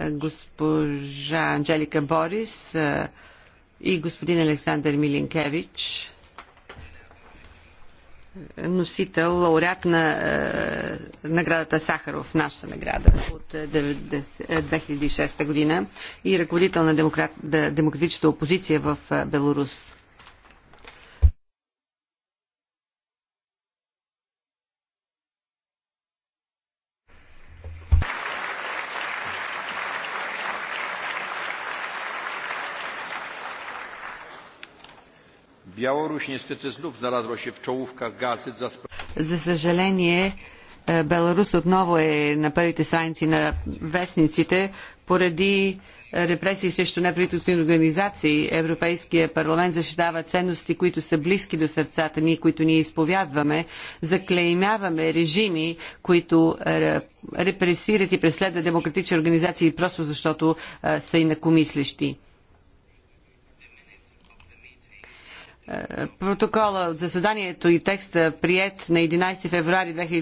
Е, госпожа Анджелика Борис е, и господин Александър Милинкевич, носител, лауреат на е, наградата Сахаров, нашата награда от 2006 година и ръководител на демократичната опозиция в Беларус. Białoruś niestety znów znalazła się w czołówkach gazet za... За съжаление, е, Беларус отново е на първите страници на вестниците поради е, репресии срещу неправителствени организации. Европейския парламент защитава ценности, които са близки до сърцата ни, които ние изповядваме. Заклеймяваме режими, които е, репресират и преследват демократични организации просто защото са инакомислещи. Е, протокола от заседанието и текста прият на 11 февруари